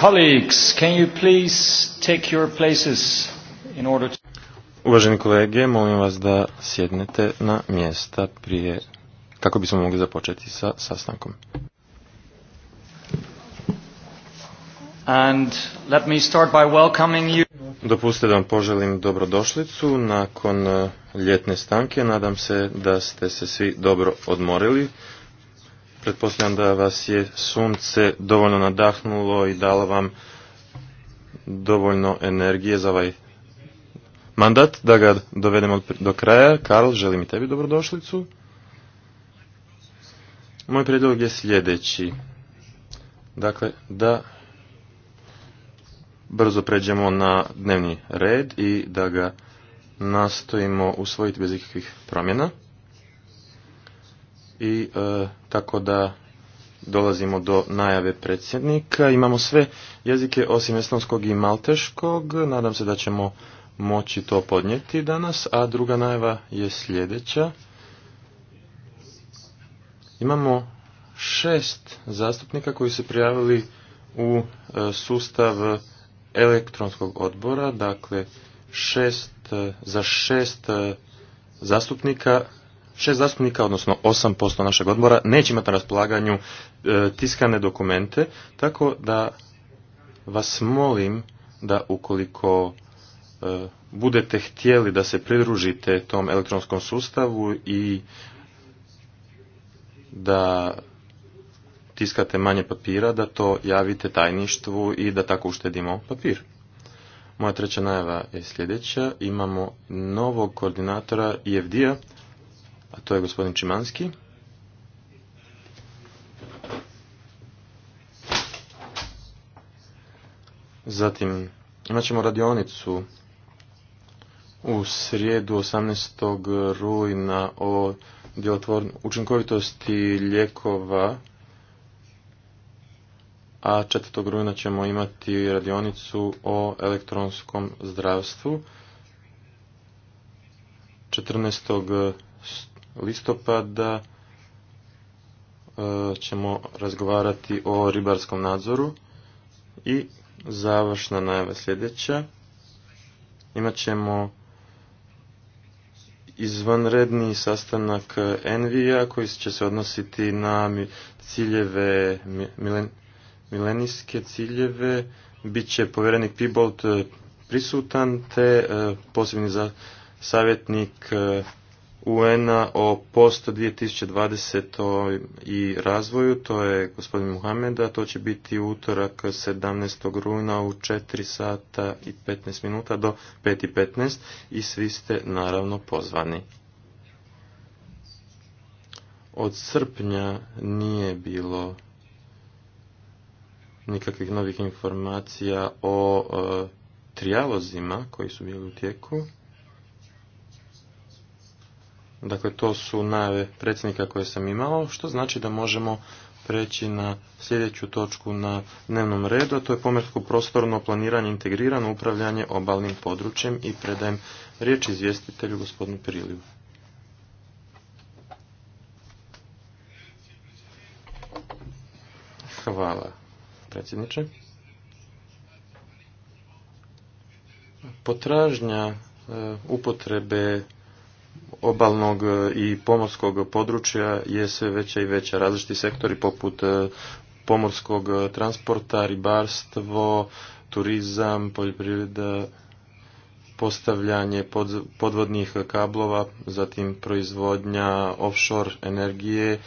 Colleagues, can you please take your places in order to... Uvaženi kolege, molim vas da sjednete na mjesta prije kako bismo mogli započeti sa sastankom. And let me start by welcoming you. Dopustite da vam poželim dobrodošlicu nakon eh, ljetne stanke. Nadam se da ste se svi dobro odmorili. Pretpostavljam da vas je sunce dovoljno nadahnulo i dalo vam dovoljno energije za ovaj mandat da ga dovedemo do kraja. Karl, želim i tebi dobrodošlicu. Moj prijedlog je sljedeći. Dakle, da brzo pređemo na dnevni red i da ga nastojimo usvojiti bez ikakvih promjena i e, tako da dolazimo do najave predsjednika. Imamo sve jezike osim estonskog i malteškog. Nadam se da ćemo moći to podnijeti danas, a druga najava je sljedeća. Imamo šest zastupnika koji su prijavili u e, sustav elektronskog odbora, dakle šest, e, za šest zastupnika šest zastupnika, odnosno posto našeg odbora, neće imati na raspolaganju e, tiskane dokumente, tako da vas molim da ukoliko e, budete htjeli da se pridružite tom elektronskom sustavu i da tiskate manje papira, da to javite tajništvu i da tako uštedimo papir. Moja treća najava je sljedeća. Imamo novog koordinatora IFD-a, a to je gospodin Čimanski. Zatim imat ćemo radionicu u srijedu 18. rujna o učinkovitosti lijekova, a 4. rujna ćemo imati radionicu o elektronskom zdravstvu. 14 listopada e, ćemo razgovarati o ribarskom nadzoru i završna najava sljedeća. ćemo izvanredni sastanak Envija koji će se odnositi na ciljeve, milenijske ciljeve. će povjerenik Pibolt prisutan te e, posebni za savjetnik e, UN-a o post 2020. i razvoju, to je gospodin Muhameda, to će biti utorak 17. rujna u 4 sata i 15 minuta do pet i i svi ste naravno pozvani. Od srpnja nije bilo nikakvih novih informacija o e, trijalozima koji su bili u tijeku. Dakle, to su najave predsjednika koje sam imao, što znači da možemo preći na sljedeću točku na dnevnom redu, a to je pomersko prostorno planiranje integrirano upravljanje obalnim područjem i predajem riječ izvjestitelju gospodinu Priliju. Hvala, predsjedniče. Potražnja e, upotrebe obalnog e, i pomorskog područja je sve veća i veća. Različiti sektori poput e, pomorskog e, transporta, ribarstvo, turizam, poljoprivreda, postavljanje podvodnih kablova, zatim proizvodnja offshore energije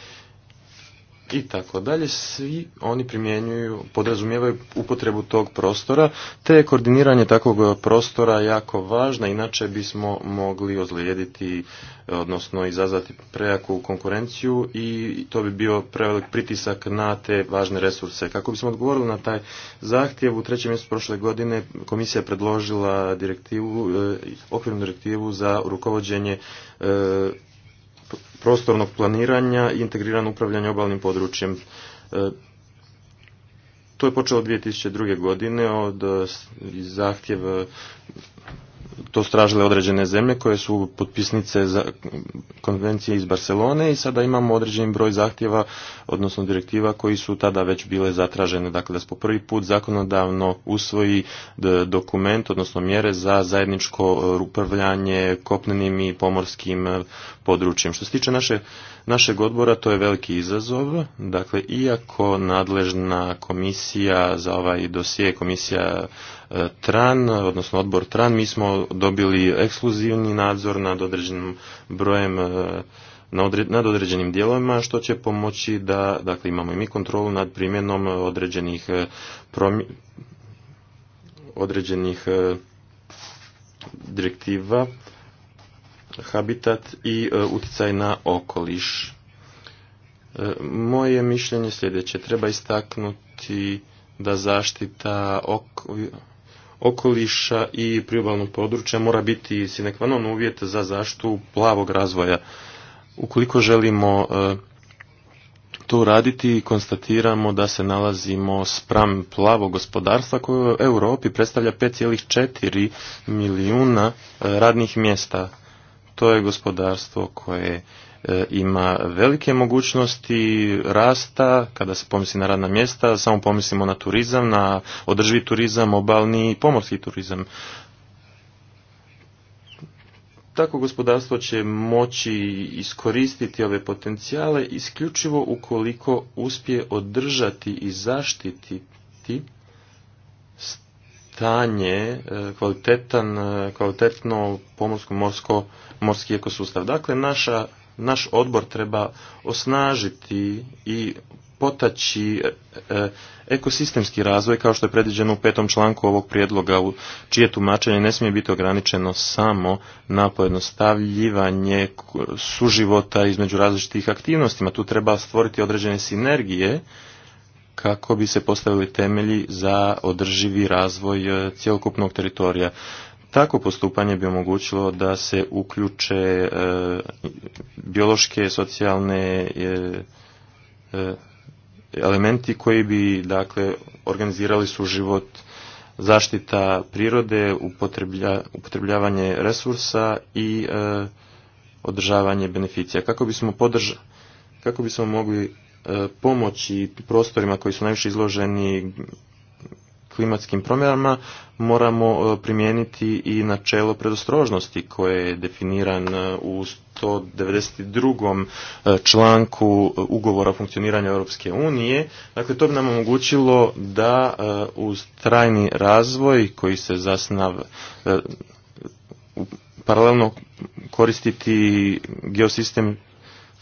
i tako dalje, svi oni primjenjuju, podrazumijevaju upotrebu tog prostora, te je koordiniranje takvog prostora jako važno, inače bismo mogli ozlijediti, odnosno izazvati prejaku konkurenciju i to bi bio prevelik pritisak na te važne resurse. Kako bismo odgovorili na taj zahtjev, u trećem mjestu prošle godine komisija je predložila direktivu, e, okvirnu direktivu za rukovođenje e, prostornog planiranja i integrirano upravljanje obalnim područjem. E, to je počelo 2002. godine od e, zahtjeva to stražile određene zemlje koje su potpisnice za konvencije iz Barcelone i sada imamo određeni broj zahtjeva, odnosno direktiva koji su tada već bile zatražene. Dakle, da smo prvi put zakonodavno usvoji e, dokument, odnosno mjere za zajedničko e, upravljanje kopnenim i pomorskim e, područjem. Što se tiče naše našeg odbora to je veliki izazov. Dakle, iako nadležna komisija za ovaj dosije, komisija e, TRAN, odnosno odbor TRAN, mi smo dobili ekskluzivni nadzor nad određenim brojem e, nad određenim dijelovima što će pomoći da dakle, imamo i mi kontrolu nad primjenom određenih e, određenih direktiva habitat i e, utjecaj na okoliš. E, moje mišljenje sljedeće. Treba istaknuti da zaštita okoliša i priobalnog područja mora biti sinekvanon uvjet za zaštitu plavog razvoja. Ukoliko želimo e, to raditi konstatiramo da se nalazimo spram plavog gospodarstva koje u Europi predstavlja 5,4 milijuna radnih mjesta to je gospodarstvo koje e, ima velike mogućnosti rasta, kada se pomisli na radna mjesta, samo pomislimo na turizam, na održivi turizam, obalni i pomorski turizam. Tako gospodarstvo će moći iskoristiti ove potencijale isključivo ukoliko uspije održati i zaštititi stanje, e, kvalitetan, e, kvalitetno pomorsko-morsko morski ekosustav. Dakle, naša, naš odbor treba osnažiti i potaći e, ekosistemski razvoj kao što je predviđeno u petom članku ovog prijedloga u čije tumačenje ne smije biti ograničeno samo na pojednostavljivanje suživota između različitih aktivnostima. Tu treba stvoriti određene sinergije kako bi se postavili temelji za održivi razvoj e, cjelokupnog teritorija. Tako postupanje bi omogućilo da se uključe e, biološke, socijalne e, elementi koji bi dakle organizirali su život zaštita prirode, upotrebljavanje resursa i održavanje beneficija. Kako bismo podržali kako bismo mogli E, pomoći prostorima koji su najviše izloženi klimatskim promjenama moramo e, primijeniti i načelo predostrožnosti koje je definiran e, u 192. članku ugovora o funkcioniranju Europske unije. Dakle, to bi nam omogućilo da uz trajni razvoj koji se zasnav paralelno koristiti geosistem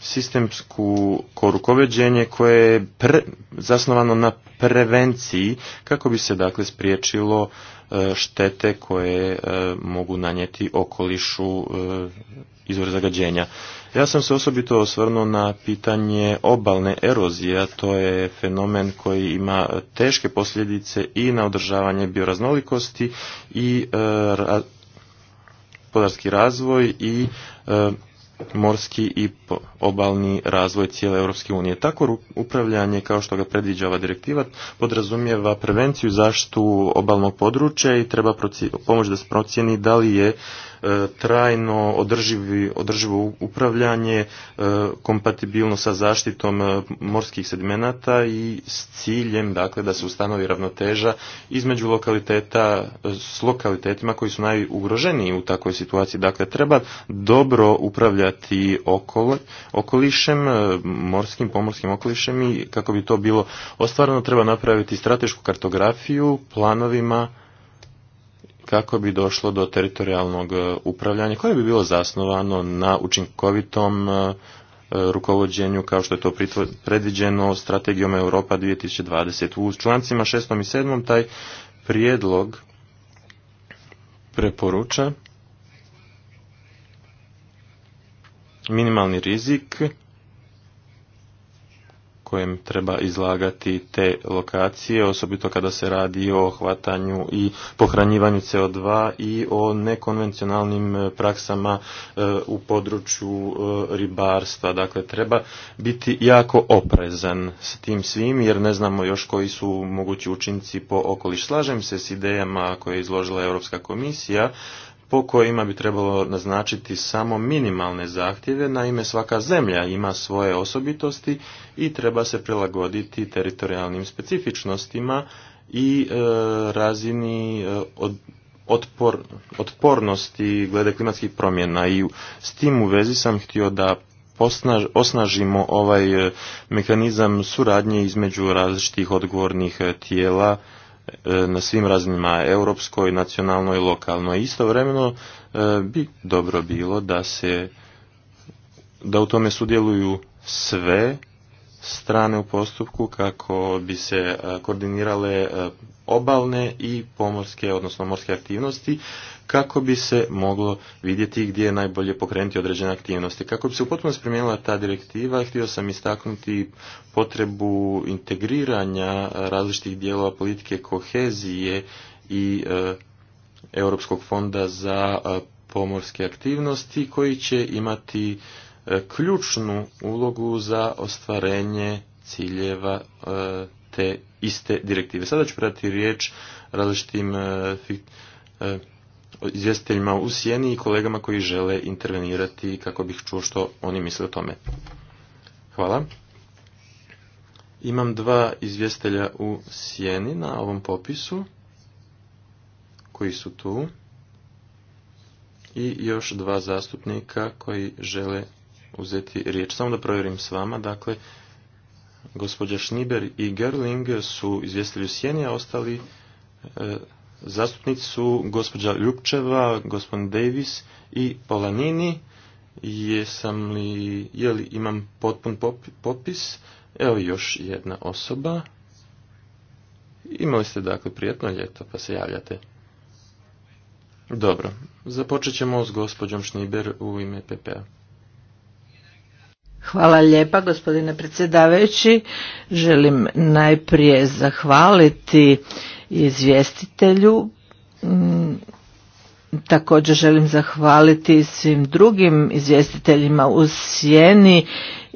sistemsku korukoveđenje koje je zasnovano na prevenciji kako bi se dakle spriječilo e, štete koje e, mogu nanijeti okolišu e, izvor zagađenja. Ja sam se osobito osvrnuo na pitanje obalne erozije, a to je fenomen koji ima teške posljedice i na održavanje bioraznolikosti i podarski razvoj i morski i obalni razvoj cijele Europske unije. Tako upravljanje, kao što ga predviđa ova direktiva, podrazumijeva prevenciju zaštitu obalnog područja i treba pomoći da se procjeni da li je E, trajno održivi, održivo upravljanje, e, kompatibilno sa zaštitom e, morskih sedmenata i s ciljem dakle, da se ustanovi ravnoteža između lokaliteta s lokalitetima koji su najugroženiji u takvoj situaciji. Dakle, treba dobro upravljati okolišem, morskim, pomorskim okolišem i kako bi to bilo ostvareno treba napraviti stratešku kartografiju planovima kako bi došlo do teritorijalnog e, upravljanja koje bi bilo zasnovano na učinkovitom e, e, rukovođenju kao što je to predviđeno strategijom Europa 2020. U člancima 6. i 7. taj prijedlog preporuča minimalni rizik kojem treba izlagati te lokacije, osobito kada se radi o hvatanju i pohranjivanju CO2 i o nekonvencionalnim e, praksama e, u području e, ribarstva. Dakle, treba biti jako oprezan s tim svim, jer ne znamo još koji su mogući učinci po okoliš. Slažem se s idejama koje je izložila Europska komisija, po kojima bi trebalo naznačiti samo minimalne zahtjeve, naime svaka zemlja ima svoje osobitosti i treba se prilagoditi teritorijalnim specifičnostima i e, razini e, otpornosti glede klimatskih promjena i s tim u vezi sam htio da osnažimo ovaj e, mehanizam suradnje između različitih odgovornih e, tijela E, na svim razinima, europskoj, nacionalnoj i lokalnoj. Istovremeno e, bi dobro bilo da se da u tome sudjeluju sve strane u postupku kako bi se e, koordinirale obalne i pomorske, odnosno morske aktivnosti, kako bi se moglo vidjeti gdje je najbolje pokrenuti određene aktivnosti. Kako bi se u potpunosti ta direktiva, htio sam istaknuti potrebu integriranja e, različitih dijelova politike kohezije i e, Europskog fonda za e, pomorske aktivnosti koji će imati ključnu ulogu za ostvarenje ciljeva te iste direktive. Sada ću predati riječ različitim e, e, izvjestiteljima u sjeni i kolegama koji žele intervenirati kako bih čuo što oni misle o tome. Hvala. Imam dva izvjestitelja u sjeni na ovom popisu koji su tu i još dva zastupnika koji žele uzeti riječ. Samo da provjerim s vama, dakle gospođa Šniber i Gerling su izvjestili u sjeni, a ostali e, zastupnici su gospođa Ljupčeva, gospodin Davis i Polanini. Jesam li, je li imam potpun popis? Evo još jedna osoba. Imali ste dakle prijetno ljeto, pa se javljate. Dobro, započet ćemo s gospođom Šniber u ime PPA. Hvala lijepa gospodine predsjedavajući. Želim najprije zahvaliti izvjestitelju. Mm, također želim zahvaliti svim drugim izvjestiteljima u Sjeni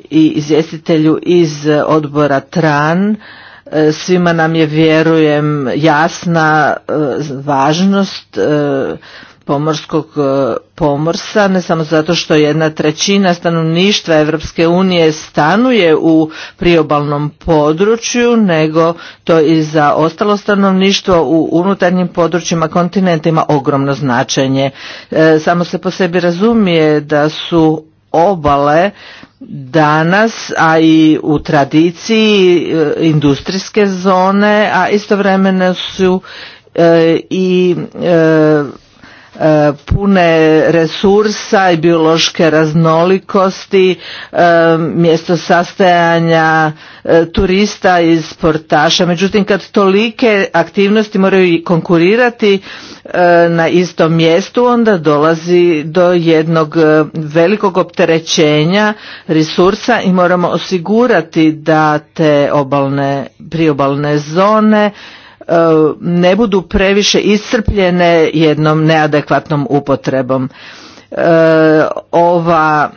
i izvjestitelju iz odbora TRAN. E, svima nam je, vjerujem, jasna e, važnost e, pomorskog e, pomorsa, ne samo zato što jedna trećina stanovništva Europske unije stanuje u priobalnom području, nego to i za ostalo stanovništvo u unutarnjim područjima kontinenta ima ogromno značenje. E, samo se po sebi razumije da su obale danas, a i u tradiciji e, industrijske zone, a istovremeno su i E, pune resursa i biološke raznolikosti, e, mjesto sastajanja e, turista i sportaša. Međutim, kad tolike aktivnosti moraju i konkurirati na istom mjestu, onda dolazi do jednog velikog opterećenja resursa i moramo osigurati da te obalne, priobalne zone E, ne budu previše iscrpljene jednom neadekvatnom upotrebom. E, ova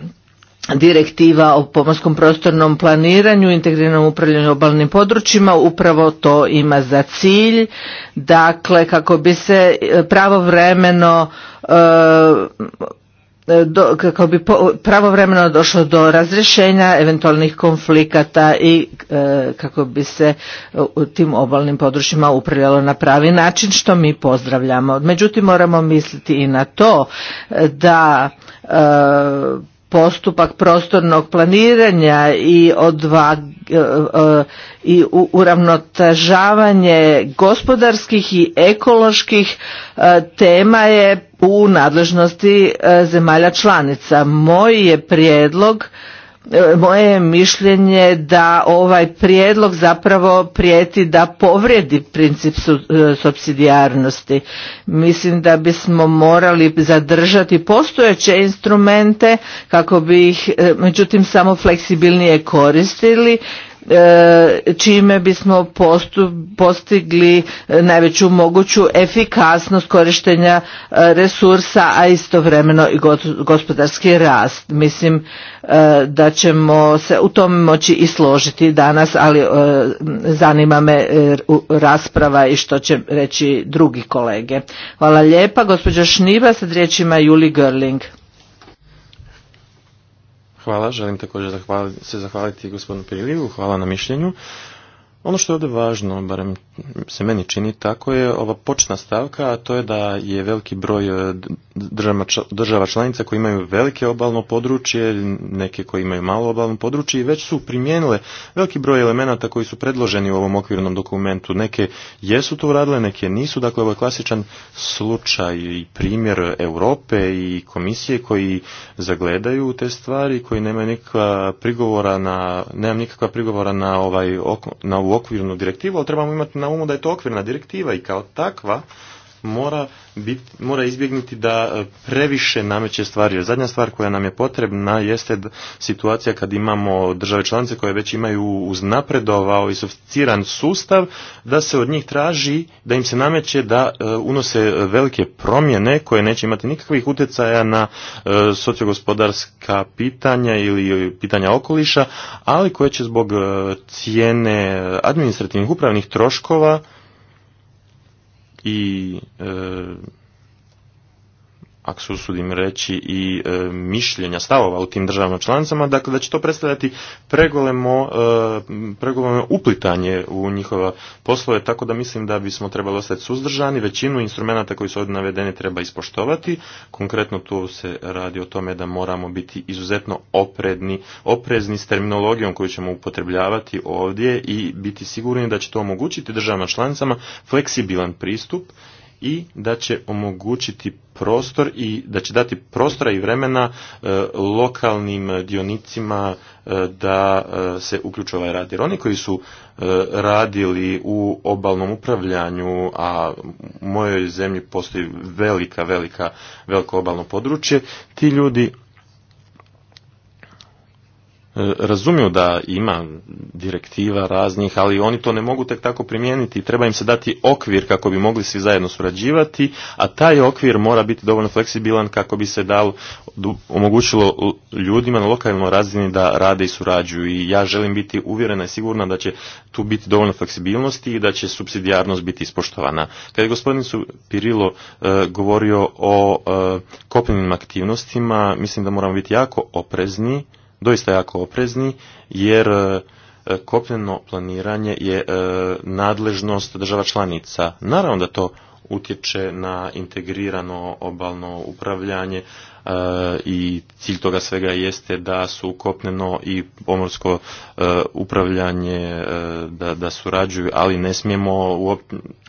direktiva o pomorskom prostornom planiranju, integriranom upravljanju obalnim područjima, upravo to ima za cilj, dakle kako bi se e, pravovremeno vremeno E, do, kako bi po, pravovremeno došlo do razrješenja eventualnih konflikata i e, kako bi se u tim obalnim područjima upravljalo na pravi način što mi pozdravljamo. Međutim moramo misliti i na to e, da postupak prostornog planiranja i odva, e, e, i uravnotažavanje gospodarskih i ekoloških e, tema je u nadležnosti zemalja članica. Moj je prijedlog E, moje je mišljenje da ovaj prijedlog zapravo prijeti da povrijedi princip subsidijarnosti. E, Mislim da bismo morali zadržati postojeće instrumente kako bi ih e, međutim samo fleksibilnije koristili E, čime bismo postigli e, najveću moguću efikasnost korištenja e, resursa, a istovremeno i gospodarski rast. Mislim da ćemo se u tome moći i složiti danas, ali zanima me rasprava i što će reći drugi kolege. Hvala lijepa. Gospođa Šniva, sad riječima Juli Görling. Hvala, želim također se zahvaliti gospodinu Priliju, hvala na mišljenju. Ono što je ovdje važno, barem se meni čini tako, je ova počna stavka, a to je da je veliki broj e, država članica koji imaju velike obalno područje, neke koji imaju malo obalno područje i već su primijenile veliki broj elemenata koji su predloženi u ovom okvirnom dokumentu. Neke jesu to uradile, neke nisu. Dakle, ovo je klasičan slučaj i primjer Europe i komisije koji zagledaju te stvari, koji nemaju nikakva prigovora na, nemam nikakva prigovora na ovaj na ovu okvirnu direktivu, ali trebamo imati na umu da je to okvirna direktiva i kao takva mora bit, mora izbjegnuti da e, previše nameće stvari. Zadnja stvar koja nam je potrebna jeste situacija kad imamo države članice koje već imaju uznapredovao i sofisticiran sustav, da se od njih traži, da im se nameće da e, unose velike promjene koje neće imati nikakvih utjecaja na e, sociogospodarska pitanja ili pitanja okoliša, ali koje će zbog cijene administrativnih upravnih troškova i e, ako se usudim reći, i e, mišljenja stavova u tim državama članicama, dakle da će to predstavljati pregolemo, e, pregolemo uplitanje u njihova poslove, tako da mislim da bismo trebali ostati suzdržani, većinu instrumenta koji su ovdje navedeni treba ispoštovati, konkretno tu se radi o tome da moramo biti izuzetno opredni, oprezni s terminologijom koju ćemo upotrebljavati ovdje i biti sigurni da će to omogućiti državama članicama fleksibilan pristup, i da će omogućiti prostor i da će dati prostora i vremena e, lokalnim dionicima e, da e, se uključe ovaj rad. Jer oni koji su radili u obalnom upravljanju, a u mojoj zemlji postoji velika, velika, veliko obalno područje, ti ljudi E, razumiju da ima direktiva raznih, ali oni to ne mogu tek tako primijeniti. Treba im se dati okvir kako bi mogli svi zajedno surađivati, a taj okvir mora biti dovoljno fleksibilan kako bi se dal omogućilo ljudima na lokalnoj razini da rade i surađuju. I ja želim biti uvjerena i sigurna da će tu biti dovoljno fleksibilnosti i da će subsidijarnost biti ispoštovana. Kad je gospodin Pirilo e, govorio o e, kopnenim aktivnostima, mislim da moramo biti jako oprezni doista jako oprezni jer e, kopneno planiranje je e, nadležnost država članica. Naravno da to utječe na integrirano obalno upravljanje e, i cilj toga svega jeste da su kopneno i pomorsko upravljanje da, da surađuju, ali ne smijemo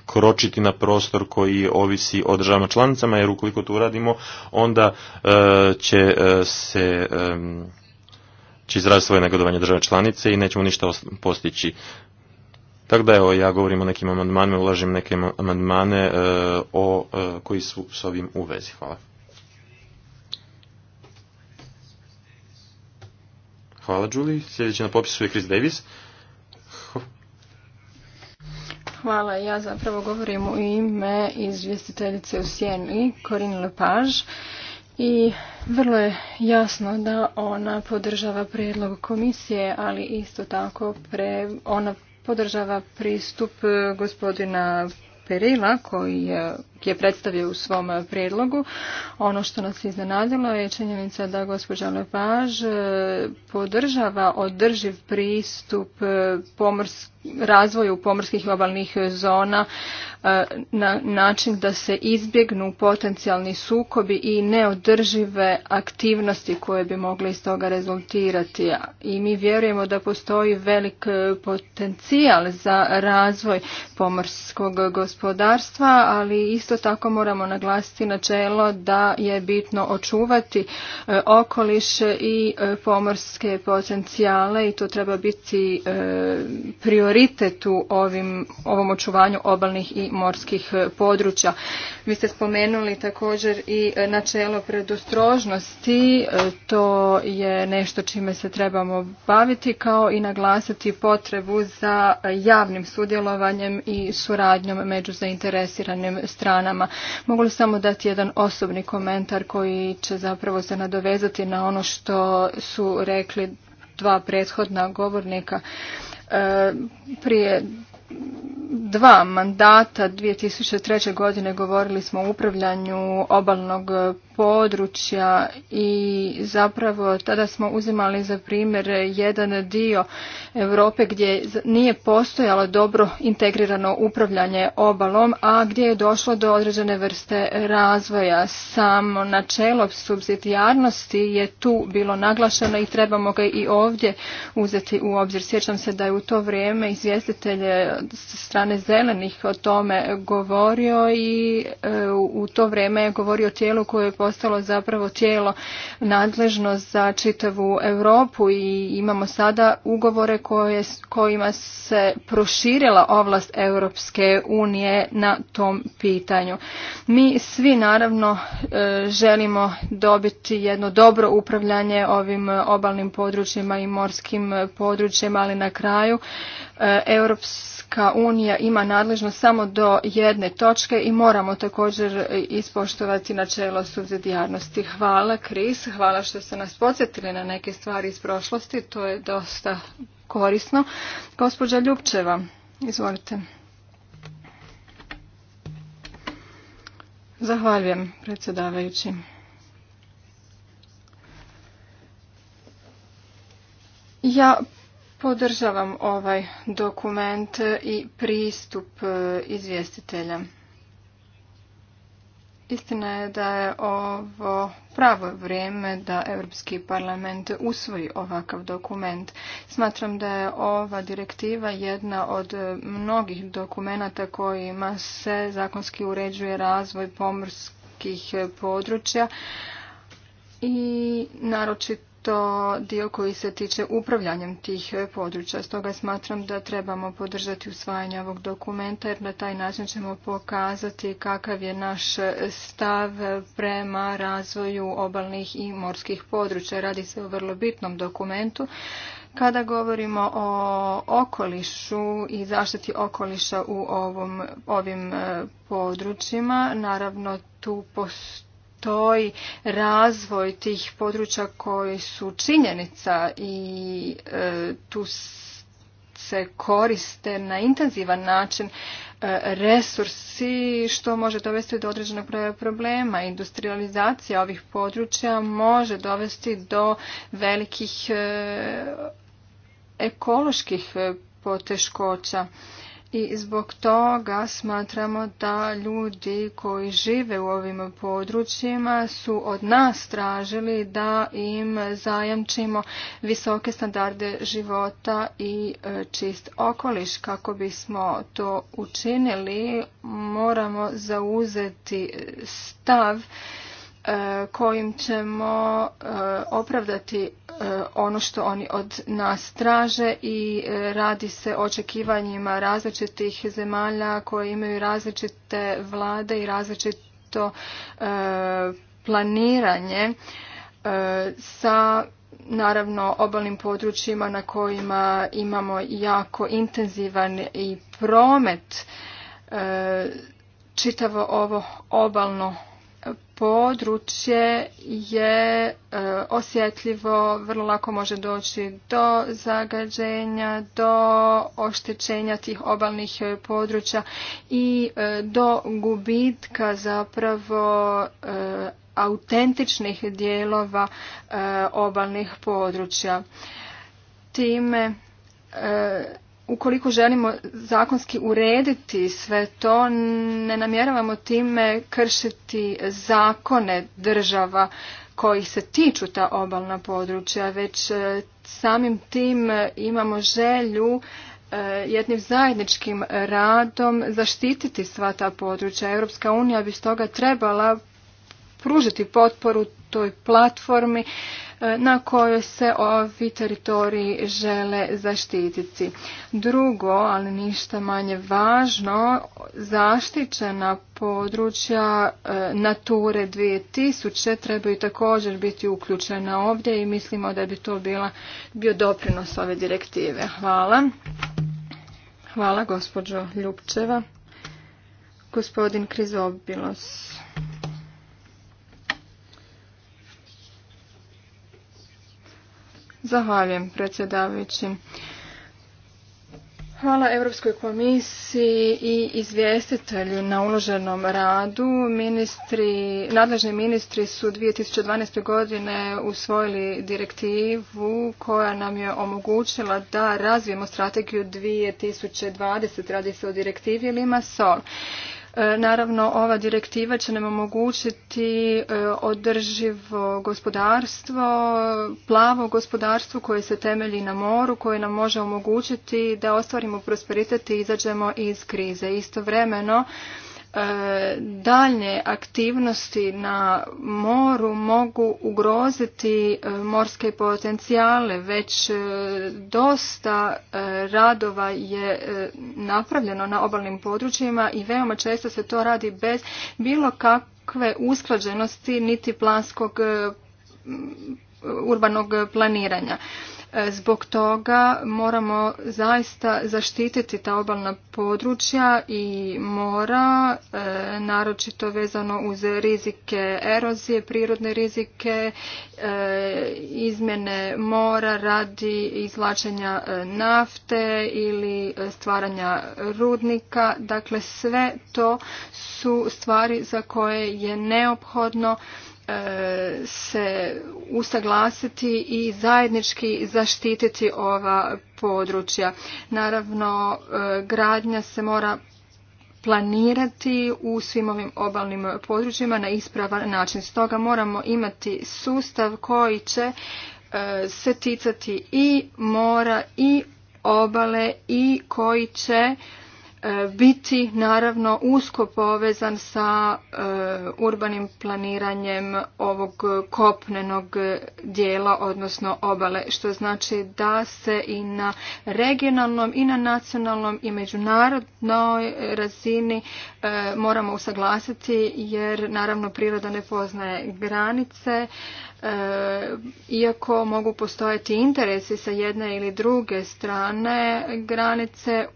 kročiti na prostor koji ovisi o državama članicama jer ukoliko to uradimo onda će se će znači izraziti svoje negodovanje države članice i nećemo ništa postići. Tako da evo, ja govorim o nekim amandmanima, ulažim neke amandmane e, o, e, koji su s ovim u vezi. Hvala. Hvala, Julie. Sljedeći na popisu je Chris Davis. Hvala. Ja zapravo govorim u ime izvjestiteljice u Sjeni, Corinne Lepage i vrlo je jasno da ona podržava prijedlog komisije, ali isto tako pre, ona podržava pristup gospodina Perila koji je je predstavio u svom prijedlogu. Ono što nas iznenadilo je činjenica da gospođa Lepaž eh, podržava održiv pristup eh, razvoju pomorskih i obalnih zona eh, na način da se izbjegnu potencijalni sukobi i neodržive aktivnosti koje bi mogle iz toga rezultirati. I mi vjerujemo da postoji velik potencijal za razvoj pomorskog gospodarstva, ali i Isto tako moramo naglasiti načelo da je bitno očuvati e, okoliš i e, pomorske potencijale i to treba biti e, prioritet u ovim, ovom očuvanju obalnih i morskih područja. Vi ste spomenuli također i načelo predostrožnosti, to je nešto čime se trebamo baviti kao i naglasiti potrebu za javnim sudjelovanjem i suradnjom među zainteresiranim stranama nama. Mogu li samo dati jedan osobni komentar koji će zapravo se nadovezati na ono što su rekli dva prethodna govornika. E, prije dva mandata 2003. godine govorili smo o upravljanju obalnog područja i zapravo tada smo uzimali za primjer jedan dio Europe gdje nije postojalo dobro integrirano upravljanje obalom, a gdje je došlo do određene vrste razvoja. Samo načelo subsidijarnosti je tu bilo naglašeno i trebamo ga i ovdje uzeti u obzir. Sjećam se da je u to vrijeme izvjestitelj strane zelenih o tome govorio i e, u to vrijeme je govorio o tijelu koje je postalo zapravo tijelo nadležno za čitavu Europu i imamo sada ugovore koje, kojima se proširila ovlast Europske unije na tom pitanju. Mi svi naravno e, želimo dobiti jedno dobro upravljanje ovim obalnim područjima i morskim područjima, ali na kraju e, Europska Europska unija ima nadležnost samo do jedne točke i moramo također ispoštovati načelo subsidijarnosti. Hvala Kris, hvala što ste nas podsjetili na neke stvari iz prošlosti, to je dosta korisno. Gospođa Ljupčeva, izvolite. Zahvaljujem predsjedavajući. Ja Podržavam ovaj dokument i pristup e, izvjestitelja. Istina je da je ovo pravo vrijeme da Europski parlament usvoji ovakav dokument. Smatram da je ova direktiva jedna od mnogih dokumenata kojima se zakonski uređuje razvoj pomorskih područja i naročito to dio koji se tiče upravljanjem tih područja. Stoga smatram da trebamo podržati usvajanje ovog dokumenta jer na taj način ćemo pokazati kakav je naš stav prema razvoju obalnih i morskih područja. Radi se o vrlo bitnom dokumentu. Kada govorimo o okolišu i zaštiti okoliša u ovim eh, područjima, naravno tu postoji postoji razvoj tih područja koji su činjenica i e, tu se koriste na intenzivan način e, resursi što može dovesti do određenog problema. Industrializacija ovih područja može dovesti do velikih e, ekoloških poteškoća i zbog toga smatramo da ljudi koji žive u ovim područjima su od nas tražili da im zajamčimo visoke standarde života i e, čist okoliš. Kako bismo to učinili moramo zauzeti stav E, kojim ćemo e, opravdati e, ono što oni od nas traže i radi se o očekivanjima različitih zemalja koje imaju različite vlade i različito planiranje sa naravno obalnim područjima na kojima imamo jako intenzivan i promet čitavo ovo obalno područje je e, osjetljivo, vrlo lako može doći do zagađenja, do oštećenja tih obalnih e, područja i e, do gubitka zapravo autentičnih dijelova obalnih područja. Time ukoliko želimo zakonski urediti sve to, ne namjeravamo time kršiti zakone država koji se tiču ta obalna područja, već e, samim tim e, imamo želju e, jednim zajedničkim radom zaštititi sva ta područja. Europska unija bi stoga trebala pružiti potporu toj platformi e, na kojoj se ovi teritoriji žele zaštititi. Drugo, ali ništa manje važno, zaštićena područja e, Nature 2000 trebaju također biti uključena ovdje i mislimo da bi to bio doprinos ove direktive. Hvala. Hvala gospođo Ljupčeva. Gospodin Krizobilos. Zahvaljujem predsjedavajući. Hvala Europskoj komisiji i izvjestitelju na uloženom radu. Ministri, nadležni ministri su 2012. godine usvojili direktivu koja nam je omogućila da razvijemo strategiju 2020. Radi se o direktivi ili E, naravno, ova direktiva će nam omogućiti e, održivo gospodarstvo, plavo gospodarstvo koje se temelji na moru, koje nam može omogućiti da ostvarimo prosperitet i izađemo iz krize. Istovremeno, E, daljne aktivnosti na moru mogu ugroziti e, morske potencijale. Već e, dosta radova je napravljeno na obalnim područjima i veoma često se to radi bez bilo kakve usklađenosti niti planskog urbanog planiranja. E, zbog toga moramo zaista zaštititi ta obalna područja i mora, e, naročito vezano uz rizike erozije, prirodne rizike, e, izmjene mora radi izvlačenja nafte ili stvaranja rudnika. Dakle, sve to su stvari za koje je neophodno E, se usaglasiti i zajednički zaštititi ova područja. Naravno, e, gradnja se mora planirati u svim ovim obalnim područjima na ispravan način. Stoga moramo imati sustav koji će e, se ticati i mora i obale i koji će E, biti naravno usko povezan sa e, urbanim planiranjem ovog kopnenog dijela, odnosno obale, što znači da se i na regionalnom i na nacionalnom i međunarodnoj razini e, moramo usaglasiti jer naravno priroda ne poznaje granice E, iako mogu postojati interesi sa jedne ili druge strane granice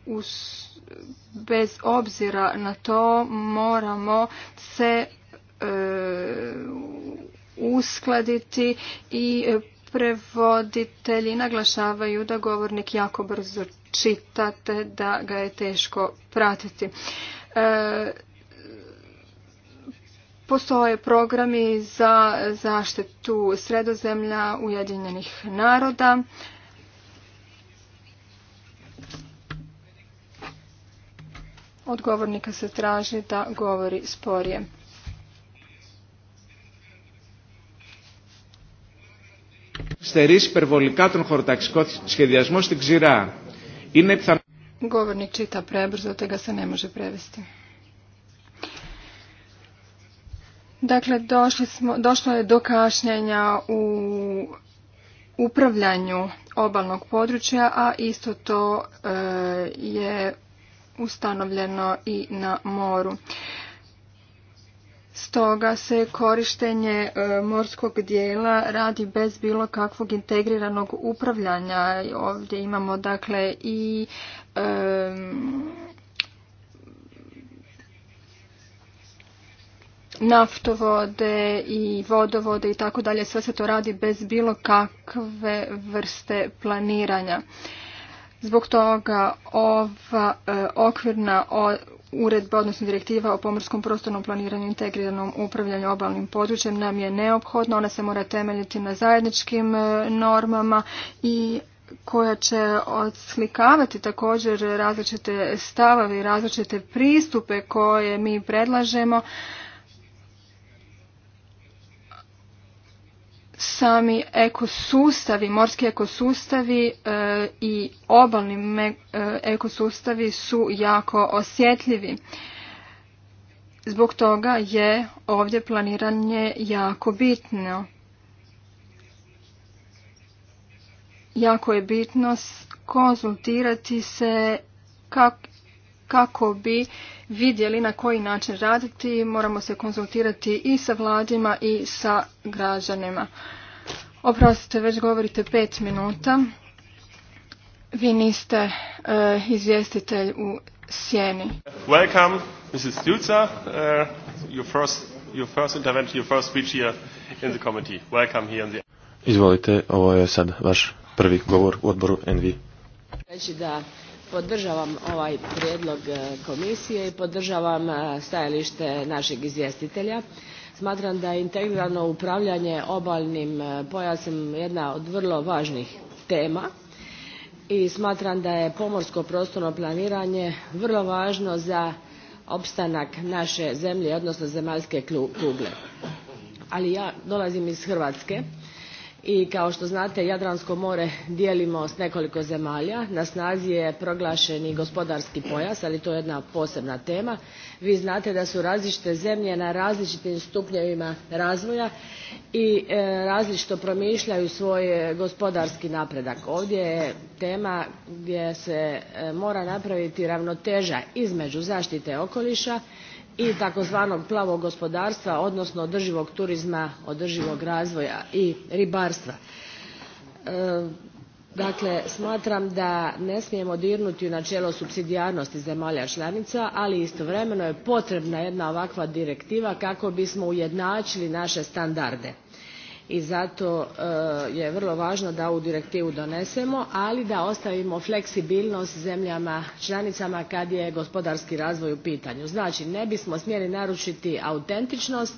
bez obzira na to moramo se e, uskladiti i prevoditelji naglašavaju da govornik jako brzo čitate da ga je teško pratiti. E, Postoje programi za zaštitu sredozemlja Ujedinjenih naroda. Odgovornika se traži da govori sporije. Στερείς υπερβολικά τον χωροταξικό σχεδιασμό στην ξηρά. Govornik čita prebrzo, te ga se ne može prevesti. Dakle, došli smo, došlo je do kašnjenja u upravljanju obalnog područja, a isto to e, je ustanovljeno i na moru. Stoga se korištenje e, morskog dijela radi bez bilo kakvog integriranog upravljanja. Ovdje imamo dakle i e, naftovode i vodovode i tako dalje. Sve se to radi bez bilo kakve vrste planiranja. Zbog toga ova e, okvirna uredba, odnosno direktiva o pomorskom prostornom planiranju i integriranom upravljanju obalnim područjem nam je neophodna. Ona se mora temeljiti na zajedničkim e, normama i koja će odslikavati također različite stavove i različite pristupe koje mi predlažemo sami ekosustavi, morski ekosustavi e, i obalni e, ekosustavi su jako osjetljivi. Zbog toga je ovdje planiranje jako bitno. Jako je bitno konzultirati se kako kako bi vidjeli na koji način raditi. Moramo se konzultirati i sa vladima i sa građanima. Oprostite, već govorite pet minuta. Vi niste e, izvjestitelj u sjeni. Welcome, Mrs. Stutzer. Uh, your first, your first intervention, your first speech here in the committee. Welcome here in the... Izvolite, ovo je sad vaš prvi govor u odboru NV. Reći da podržavam ovaj prijedlog e, komisije i podržavam e, stajalište našeg izvjestitelja. smatram da je integrirano upravljanje obalnim e, pojasom jedna od vrlo važnih tema i smatram da je pomorsko prostorno planiranje vrlo važno za opstanak naše zemlje odnosno zemaljske kugle ali ja dolazim iz hrvatske i kao što znate jadransko more dijelimo s nekoliko zemalja na snazi je proglašeni gospodarski pojas ali to je jedna posebna tema vi znate da su različite zemlje na različitim stupnjevima razvoja i e, različito promišljaju svoj gospodarski napredak ovdje je tema gdje se e, mora napraviti ravnoteža između zaštite okoliša i tzv. plavog gospodarstva odnosno održivog turizma održivog razvoja i ribarstva. E, dakle smatram da ne smijemo dirnuti u načelo supsidijarnosti zemalja članica ali istovremeno je potrebna jedna ovakva direktiva kako bismo ujednačili naše standarde i zato eh, je vrlo važno da ovu direktivu donesemo ali da ostavimo fleksibilnost zemljama članicama kad je gospodarski razvoj u pitanju. znači ne bismo smjeli narušiti autentičnost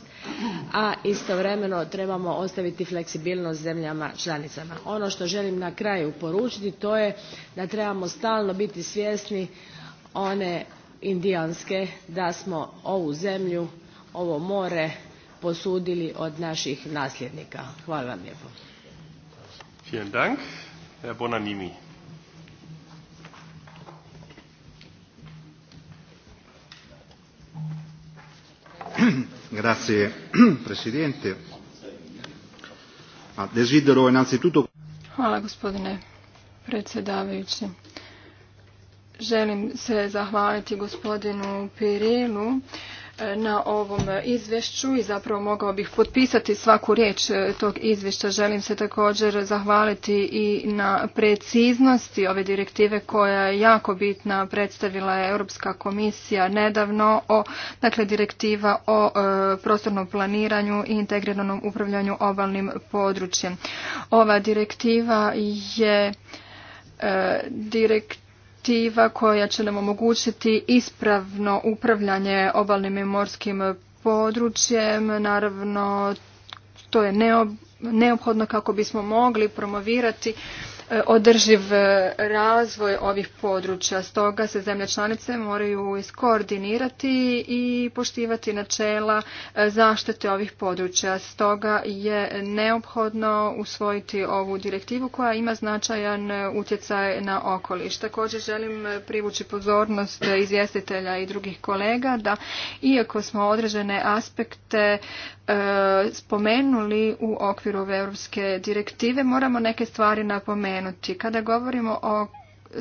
a istovremeno trebamo ostaviti fleksibilnost zemljama članicama. ono što želim na kraju poručiti to je da trebamo stalno biti svjesni one indijanske da smo ovu zemlju ovo more posudili od naših nasljednika. Hvala vam lijepo. Vielen Dank. Herr Bonanimi. Grazie Presidente. A desidero innanzitutto... Hvala gospodine predsjedavajući. Želim se zahvaliti gospodinu Pirilu na ovom izvješću i zapravo mogao bih potpisati svaku riječ e, tog izvješća. Želim se također zahvaliti i na preciznosti ove direktive koja je jako bitna predstavila je Europska komisija nedavno o dakle direktiva o e, prostornom planiranju i integriranom upravljanju obalnim područjem. Ova direktiva je e, direktiva koja će nam omogućiti ispravno upravljanje obalnim i morskim područjem. Naravno, to je neophodno kako bismo mogli promovirati E, održiv e, razvoj ovih područja. Stoga se zemlje članice moraju iskoordinirati i poštivati načela e, zaštite ovih područja. Stoga je neophodno usvojiti ovu direktivu koja ima značajan utjecaj na okoliš. Također želim privući pozornost izvjestitelja i drugih kolega da iako smo određene aspekte E, spomenuli u okviru europske direktive moramo neke stvari napomenuti. Kada govorimo o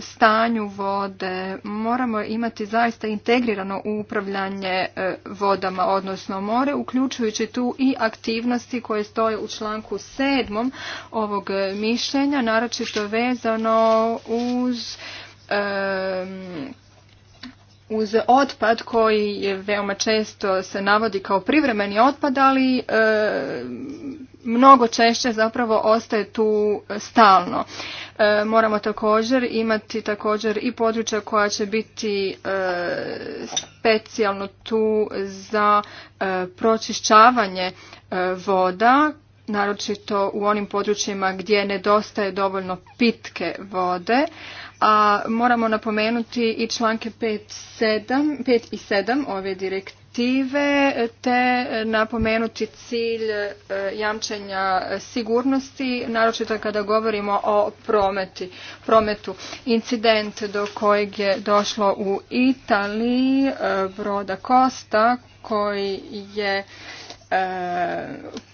stanju vode moramo imati zaista integrirano upravljanje e, vodama odnosno more uključujući tu i aktivnosti koje stoje u članku sedmom ovog mišljenja naročito vezano uz e, uz otpad koji je veoma često se navodi kao privremeni otpad, ali e, mnogo češće zapravo ostaje tu stalno. E, moramo također imati također i područja koja će biti e, specijalno tu za pročišćavanje voda, naročito u onim područjima gdje nedostaje dovoljno pitke vode, a moramo napomenuti i članke 5, i 7 ove direktive, te napomenuti cilj e, jamčenja sigurnosti, naročito kada govorimo o prometu. Incident do kojeg je došlo u Italiji e, broda Costa, koji je e,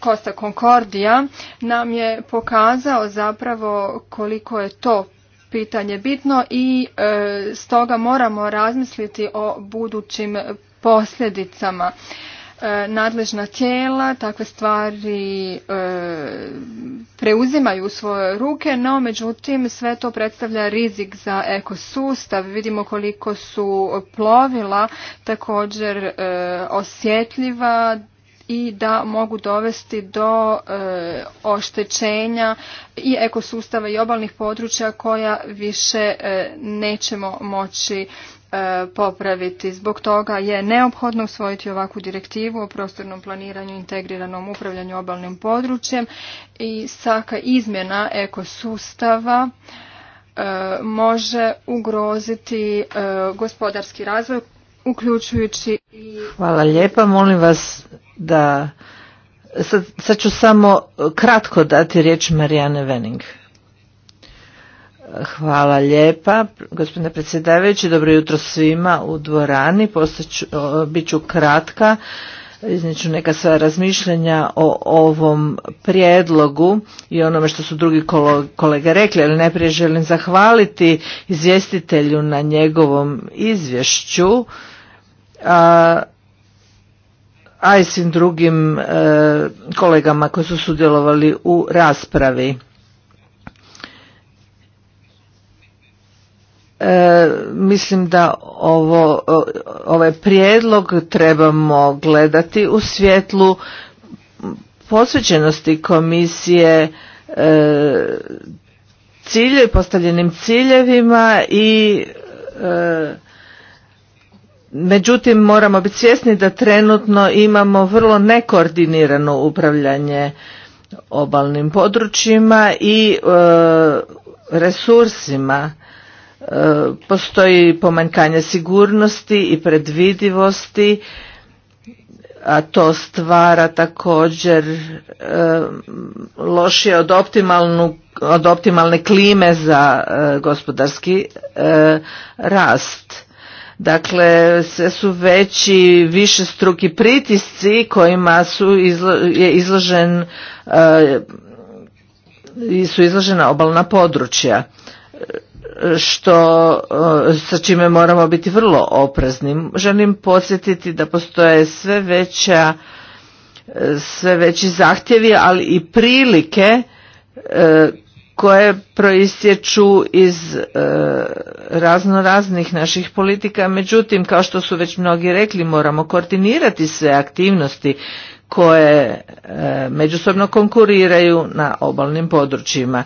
Costa Concordia nam je pokazao zapravo koliko je to pitanje bitno i e, stoga moramo razmisliti o budućim posljedicama e, nadležna tijela takve stvari e, preuzimaju u svoje ruke, no međutim sve to predstavlja rizik za ekosustav. Vidimo koliko su plovila također osjetljiva i da mogu dovesti do e, oštećenja i ekosustava i obalnih područja koja više e, nećemo moći e, popraviti. Zbog toga je neophodno usvojiti ovakvu direktivu o prostornom planiranju integriranom upravljanju obalnim područjem i svaka izmjena ekosustava može ugroziti gospodarski razvoj uključujući i... Hvala lijepa, molim vas da sad, ću samo kratko dati riječ Marijane Vening. Hvala lijepa, gospodine predsjedavajući, dobro jutro svima u dvorani, Postaću, bit ću kratka, izniću neka sva razmišljanja o ovom prijedlogu i onome što su drugi kolege rekli, ali najprije želim zahvaliti izvjestitelju na njegovom izvješću. A, a i svim drugim e, kolegama koji su sudjelovali u raspravi. E, mislim da ovo, ovaj prijedlog trebamo gledati u svjetlu posvećenosti komisije e, cilje, postavljenim ciljevima i e, Međutim, moramo biti svjesni da trenutno imamo vrlo nekoordinirano upravljanje obalnim područjima i e, resursima. E, postoji pomanjkanje sigurnosti i predvidivosti, a to stvara također e, lošije od, od optimalne klime za gospodarski rast Dakle, sve su veći više struki pritisci kojima su je izložen e, su izložena obalna područja što e, sa čime moramo biti vrlo oprezni. Želim podsjetiti da postoje sve veća e, sve veći zahtjevi, ali i prilike koje proistječu iz e, razno raznih naših politika. Međutim, kao što su već mnogi rekli, moramo koordinirati sve aktivnosti koje e, međusobno konkuriraju na obalnim područjima.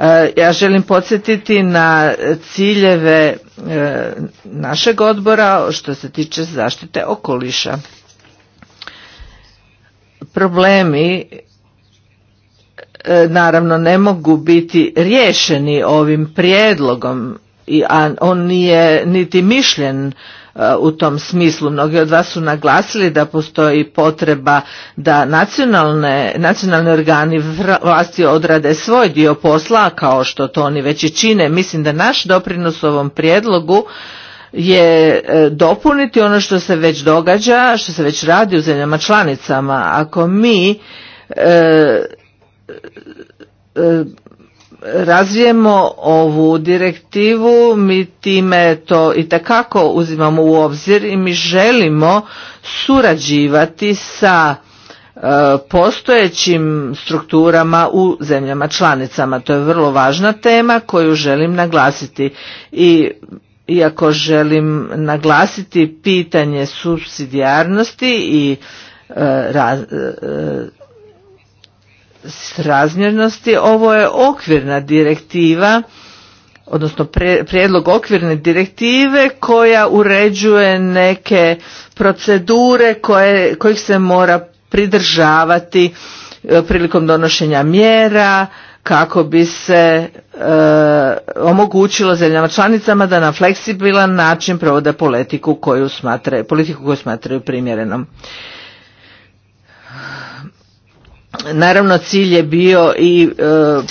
E, ja želim podsjetiti na ciljeve e, našeg odbora što se tiče zaštite okoliša. Problemi E, naravno ne mogu biti riješeni ovim prijedlogom i on nije niti mišljen e, u tom smislu. Mnogi od vas su naglasili da postoji potreba da nacionalne, nacionalni organi vlasti odrade svoj dio posla, kao što to oni već i čine. Mislim da naš doprinos ovom prijedlogu je e, dopuniti ono što se već događa, što se već radi u zemljama članicama. Ako mi razvijemo ovu direktivu, mi time to i takako uzimamo u obzir i mi želimo surađivati sa e, postojećim strukturama u zemljama članicama. To je vrlo važna tema koju želim naglasiti i iako želim naglasiti pitanje subsidijarnosti i e, e, srazmjernosti. Ovo je okvirna direktiva, odnosno prijedlog okvirne direktive koja uređuje neke procedure koje, kojih se mora pridržavati e, prilikom donošenja mjera kako bi se e, omogućilo zemljama članicama da na fleksibilan način provode politiku koju smatraju, politiku koju smatraju primjerenom. Naravno cilj je bio i e,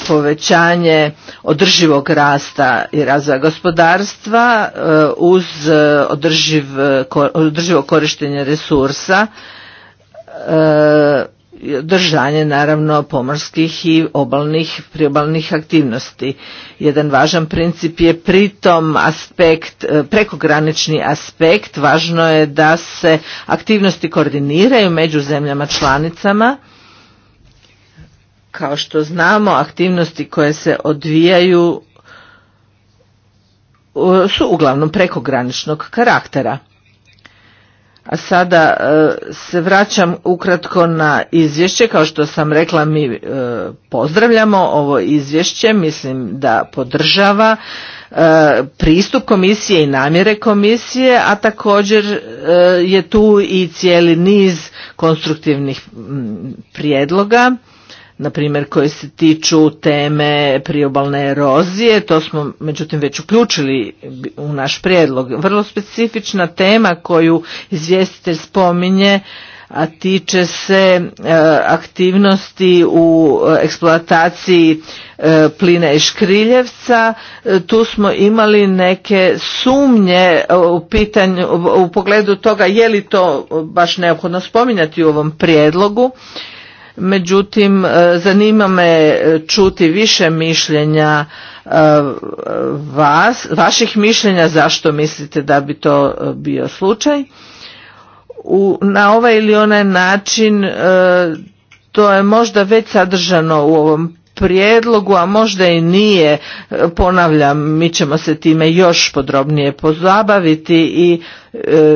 povećanje održivog rasta i razvoja gospodarstva e, uz e, održiv, održivo korištenje resursa, e, održanje naravno pomorskih i obalnih priobalnih aktivnosti. Jedan važan princip je pritom aspekt, prekogranični aspekt, važno je da se aktivnosti koordiniraju među zemljama članicama kao što znamo, aktivnosti koje se odvijaju e, su uglavnom prekograničnog karaktera. A sada e, se vraćam ukratko na izvješće. Kao što sam rekla, mi e, pozdravljamo ovo izvješće. Mislim da podržava pristup komisije i namjere komisije, a također je tu i cijeli niz konstruktivnih prijedloga na primjer koje se tiču teme priobalne erozije, to smo međutim već uključili u naš prijedlog. Vrlo specifična tema koju izvjestitelj spominje, a tiče se e, aktivnosti u e, eksploataciji e, plina i škriljevca. tu smo imali neke sumnje u, pitanju, u, u pogledu toga je li to baš neophodno spominjati u ovom prijedlogu međutim e, zanima me e, čuti više mišljenja e, vas, vaših mišljenja zašto mislite da bi to bio slučaj. U, na ovaj ili onaj način to je možda već sadržano u ovom prijedlogu, a možda i nije, ponavljam, mi ćemo se time još podrobnije pozabaviti i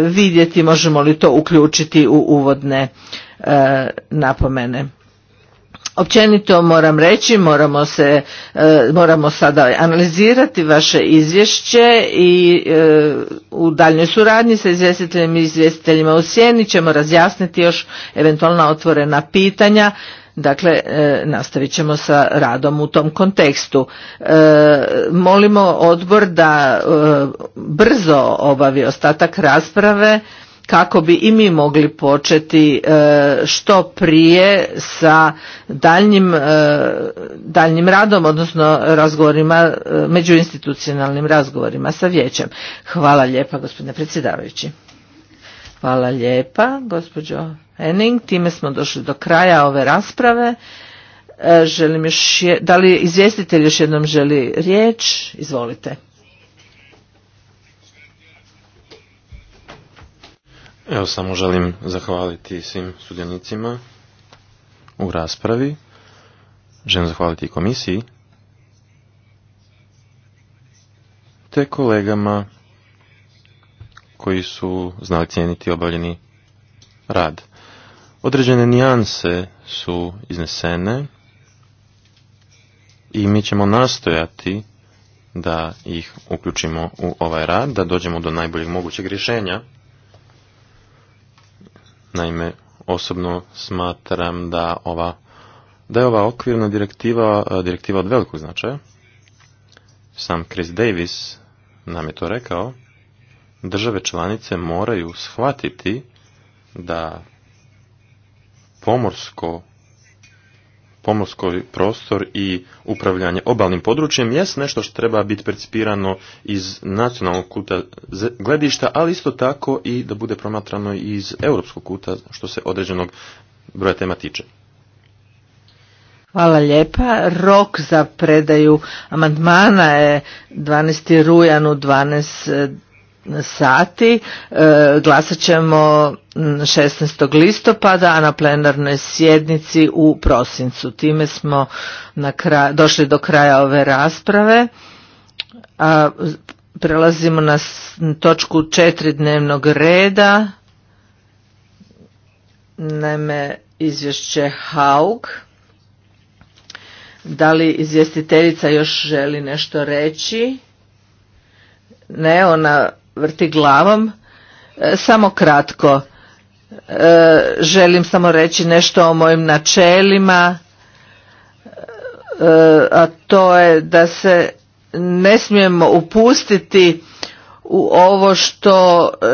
vidjeti možemo li to uključiti u uvodne E, napomene. Općenito moram reći, moramo, se, e, moramo sada analizirati vaše izvješće i e, u daljnjoj suradnji sa izvjestiteljima i izvjestiteljima u sjeni ćemo razjasniti još eventualna otvorena pitanja. Dakle, nastavit ćemo sa radom u tom kontekstu. Molimo odbor da brzo obavi ostatak rasprave kako bi i mi mogli početi e, što prije sa daljnjim, e, daljnjim radom, odnosno razgovorima, e, međuinstitucionalnim razgovorima sa vijećem. Hvala lijepa gospodine predsjedavajući. Hvala lijepa gospođo Henning, time smo došli do kraja ove rasprave. da li izvjestitelj još jednom želi riječ? Izvolite. Evo samo želim zahvaliti svim sudionicima u raspravi. Želim zahvaliti i komisiji te kolegama koji su znali cijeniti obavljeni rad. Određene nijanse su iznesene i mi ćemo nastojati da ih uključimo u ovaj rad, da dođemo do najboljeg mogućeg rješenja. Naime, osobno smatram da ova da je ova okvirna direktiva e, direktiva od velikog značaja. Sam Chris Davis nam je to rekao. Države članice moraju shvatiti da pomorsko pomorski prostor i upravljanje obalnim područjem jest nešto što treba biti percipirano iz nacionalnog kuta gledišta, ali isto tako i da bude promatrano iz europskog kuta što se određenog broja tema tiče. Hvala lijepa. Rok za predaju amandmana je 12. rujan u 12 sati. E, glasat ćemo 16. listopada, a na plenarnoj sjednici u prosincu. Time smo na došli do kraja ove rasprave. A prelazimo na točku četiri dnevnog reda. Naime, izvješće Haug. Da li izvjestiteljica još želi nešto reći? Ne, ona vrti glavom. E, samo kratko. E, želim samo reći nešto o mojim načelima, e, a to je da se ne smijemo upustiti u ovo što e,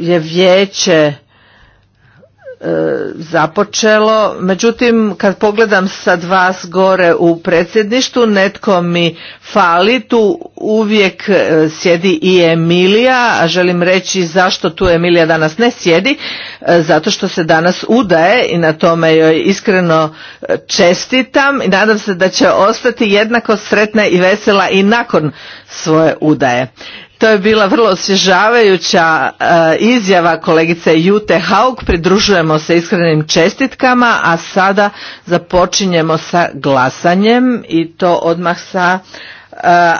je vijeće E, započelo. Međutim, kad pogledam sad vas gore u predsjedništu, netko mi fali, tu uvijek e, sjedi i Emilija, a želim reći zašto tu Emilija danas ne sjedi, e, zato što se danas udaje i na tome joj iskreno čestitam i nadam se da će ostati jednako sretna i vesela i nakon svoje udaje. To je bila vrlo osvježavajuća e, izjava kolegice Jute Hauk, Pridružujemo se iskrenim čestitkama, a sada započinjemo sa glasanjem i to odmah sa e,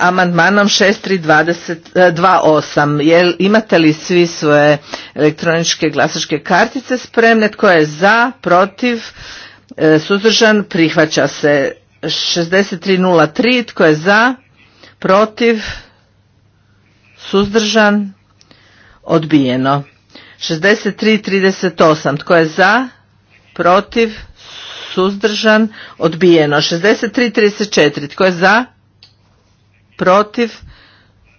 amandmanom 6328. E, imate li svi svoje elektroničke glasačke kartice spremne? Tko je za, protiv, suzdržan, prihvaća se 6303. Tko je za, protiv, suzdržan, odbijeno. 63.38. Tko je za? Protiv? Suzdržan? Odbijeno. 63.34. Tko je za? Protiv?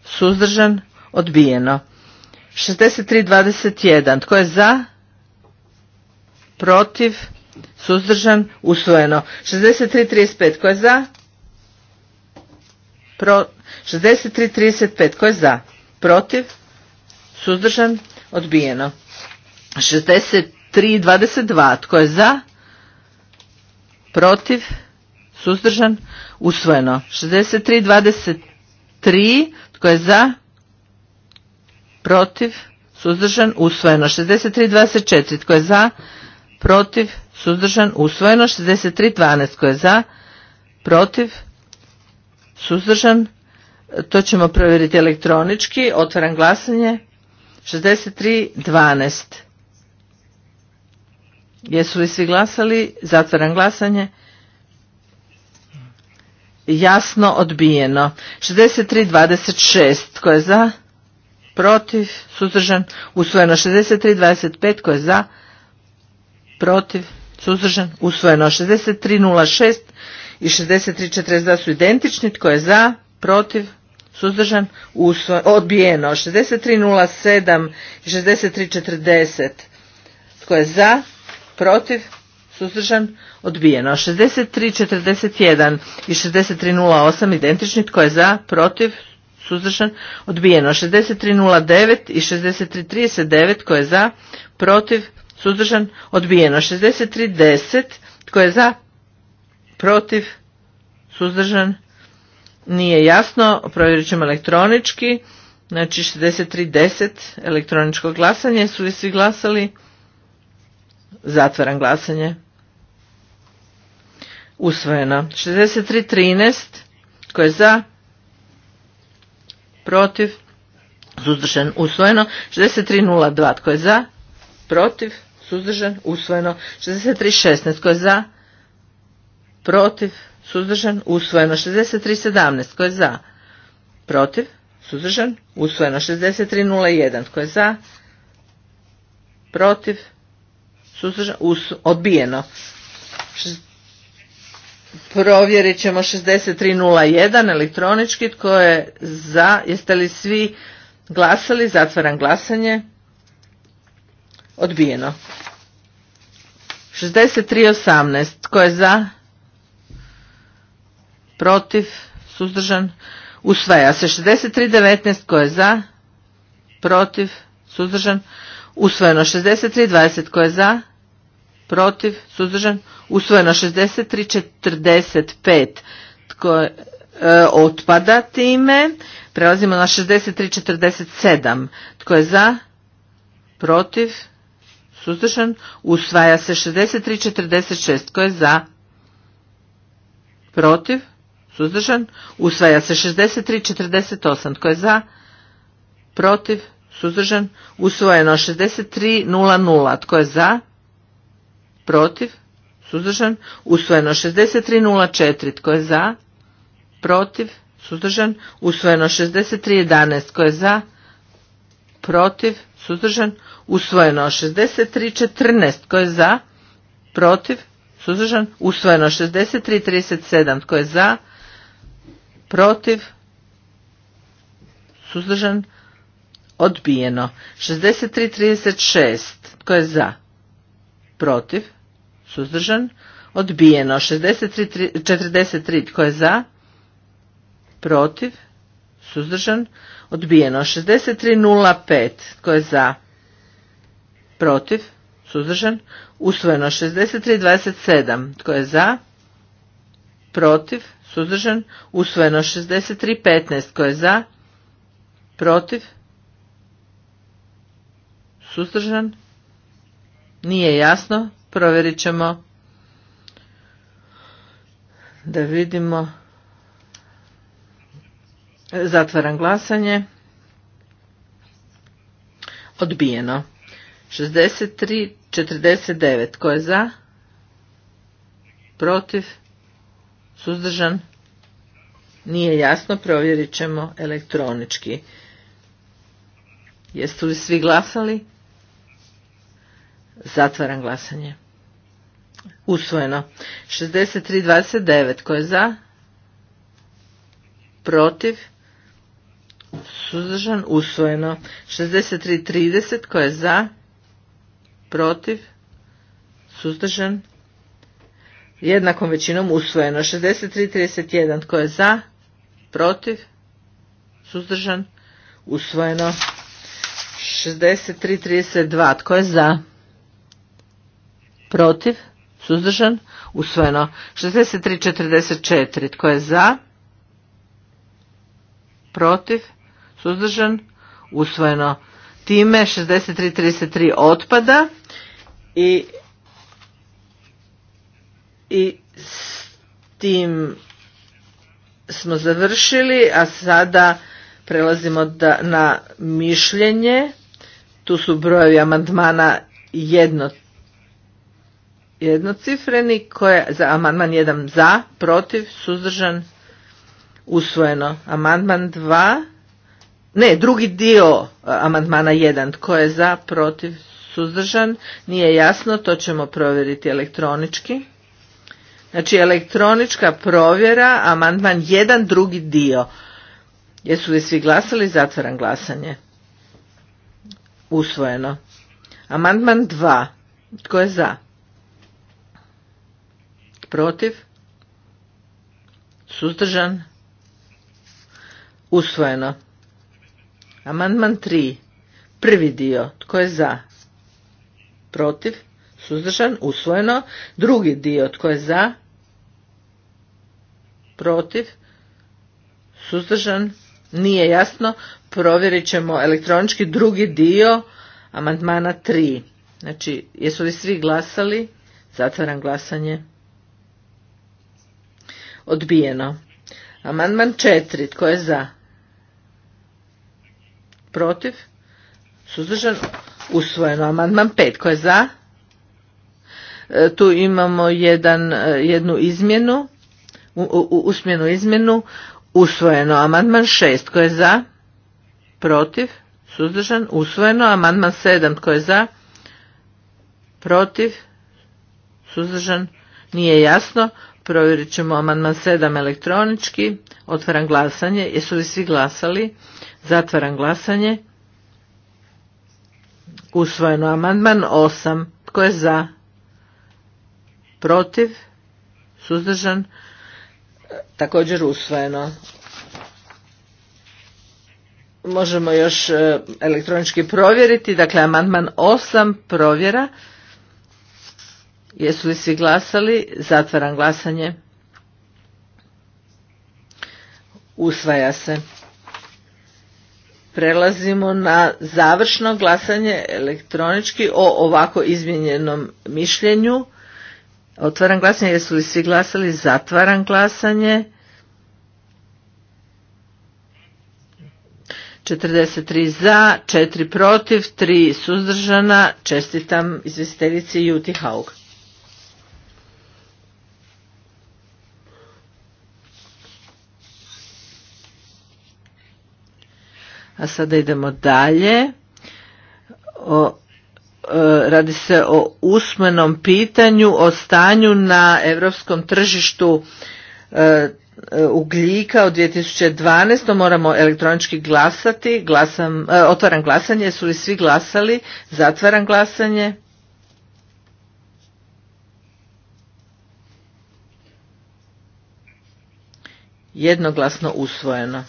Suzdržan? Odbijeno. 63.21. Tko je za? Protiv? Suzdržan? Usvojeno. 63.35. Tko je za? Pro... 63.35. Tko je za? protiv, suzdržan, odbijeno. 63.22. Tko je za? Protiv? Suzdržan? Usvojeno. 63.23. Tko je za? Protiv? Suzdržan? Usvojeno. 63.24. Tko je za? Protiv? Suzdržan? Usvojeno. 63.12. Tko je za? Protiv? Suzdržan? To ćemo provjeriti elektronički. Otvaram glasanje. 63.12. Jesu li svi glasali? Zatvaram glasanje. Jasno odbijeno. 63.26. Tko je za? Protiv. Suzdržan. Usvojeno. 63.25. Tko je za? Protiv. Suzdržan. Usvojeno. 63.06 i 63.42 su identični. Tko je za? protiv, suzdržan, usvo, odbijeno. 63.07 i 63.40 tko je za, protiv, suzdržan, odbijeno. 63.41 i 63.08 identični, tko je za, protiv, suzdržan, odbijeno. 63.09 i 63.39 tko je za, protiv, suzdržan, odbijeno. 63.10 tko je za, protiv, suzdržan, nije jasno, provjerit ćemo elektronički. Znači 63.10 elektroničko glasanje. Su li svi glasali? Zatvaram glasanje. Usvojeno. 63.13 tko je za? Protiv? Suzdržan? Usvojeno. 63.02 tko je za? Protiv? Suzdržan? Usvojeno. 63.16 tko je za? Protiv? suzdržan, usvojeno 63.17, tko je za, protiv, suzdržan, usvojeno 63.01, tko je za, protiv, suzdržan, odbijeno. provjerit ćemo 63.01 elektronički, tko je za, jeste li svi glasali, zatvaram glasanje, odbijeno. 63.18, tko je za, protiv, suzdržan, usvaja se. 63.19 tko je za, protiv, suzdržan, usvojeno. 63.20 tko je za, protiv, suzdržan, usvojeno. 63.45 tko je e, otpada time. Prelazimo na 63.47 tko je za, protiv, suzdržan, usvaja se 63.46 tko je za, protiv, Suzdržan? Usvaja se 63.48. Tko je za? Protiv? Suzdržan? Usvojeno 63.00. Tko je za? Protiv? Suzdržan? Usvojeno 63.04. Tko je za? Protiv? Suzdržan? Usvojeno 63.11. Tko je za? Protiv? Suzdržan? Usvojeno 63.14. Tko je za? Protiv? Suzdržan? Usvojeno 63.37. Tko je za? protiv, suzdržan, odbijeno. 63.36, tko je za, protiv, suzdržan, odbijeno. 63.43, tko je za, protiv, suzdržan, odbijeno. 63.05, tko je za, protiv, suzdržan, usvojeno. 63.27, tko je za, protiv, suzdržan, usvojeno 63.15 koje je za, protiv, suzdržan, nije jasno, provjerit ćemo da vidimo, zatvaram glasanje, odbijeno. 63.49 koje je za, protiv, Suzdržan? Nije jasno, provjerit ćemo elektronički. Jeste li svi glasali? Zatvaram glasanje. Usvojeno. 63.29. Ko je za? Protiv? Suzdržan? Usvojeno. 63.30. Ko je za? Protiv? Suzdržan? jednakom većinom usvojeno. 63.31 tko je za, protiv, suzdržan, usvojeno. 63.32 tko je za, protiv, suzdržan, usvojeno. 63.44 tko je za, protiv, suzdržan, usvojeno. Time 63.33 otpada i i s tim smo završili, a sada prelazimo da, na mišljenje. Tu su brojevi amandmana jedno, jednocifreni, koje za amandman 1 za, protiv, suzdržan, usvojeno. Amandman 2, ne, drugi dio e, amandmana 1, tko je za, protiv, suzdržan, nije jasno, to ćemo provjeriti elektronički. Znači elektronička provjera, amandman jedan drugi dio. Jesu li svi glasali? Zatvaram glasanje. Usvojeno. Amandman 2. Tko je za? Protiv? Suzdržan? Usvojeno. Amandman 3. Prvi dio. Tko je za? Protiv? Suzdržan? Usvojeno. Drugi dio. Tko je za? protiv, suzdržan, nije jasno, provjerit ćemo elektronički drugi dio amandmana 3. Znači, jesu li svi glasali? Zatvaram glasanje. Odbijeno. Amandman 4. Tko je za? Protiv? Suzdržan? Usvojeno. Amandman 5. Tko je za? E, tu imamo jedan, e, jednu izmjenu usmjenu izmjenu usvojeno amandman 6 tko je za protiv suzdržan usvojeno amandman 7 tko je za protiv suzdržan nije jasno provjerit ćemo amandman 7 elektronički otvaram glasanje jesu li svi glasali zatvaram glasanje usvojeno amandman 8 tko je za protiv suzdržan također usvojeno. Možemo još e, elektronički provjeriti, dakle amandman 8 provjera. Jesu li svi glasali? Zatvaram glasanje. Usvaja se. Prelazimo na završno glasanje elektronički o ovako izmijenjenom mišljenju. Otvaram glasanje, jesu li svi glasali? Zatvaram glasanje. 43 za, 4 protiv, 3 suzdržana. Čestitam izvjestiteljici Juti Haug. A sada idemo dalje. O E, radi se o usmenom pitanju o stanju na europskom tržištu e, e, ugljika u 2012. moramo elektronički glasati, glasam, otvaram glasanje, su li svi glasali, zatvaram glasanje. Jednoglasno usvojeno.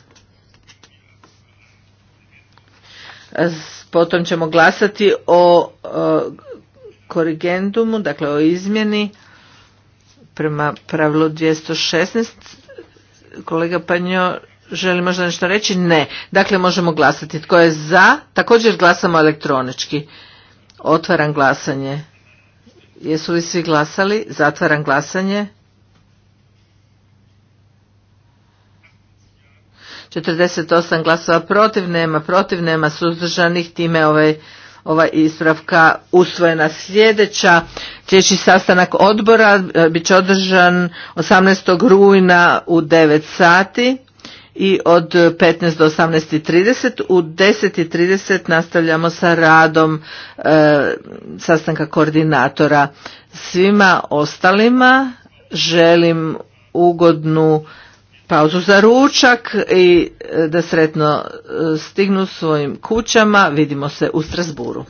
Potom ćemo glasati o e, korigendumu, dakle o izmjeni prema pravilu 216. Kolega Panjo, želi možda nešto reći? Ne. Dakle, možemo glasati. Tko je za? Također glasamo elektronički. Otvaram glasanje. Jesu li svi glasali? Zatvaram glasanje. 48 glasova protiv, nema protiv, nema suzdržanih, time ovaj ova ispravka usvojena sljedeća. Sljedeći sastanak odbora e, bit će održan 18. rujna u 9 sati i od 15 do 18.30. U 10.30 nastavljamo sa radom e, sastanka koordinatora. Svima ostalima želim ugodnu pauzu za ručak i e, da sretno e, stignu svojim kućama. Vidimo se u Strasburu.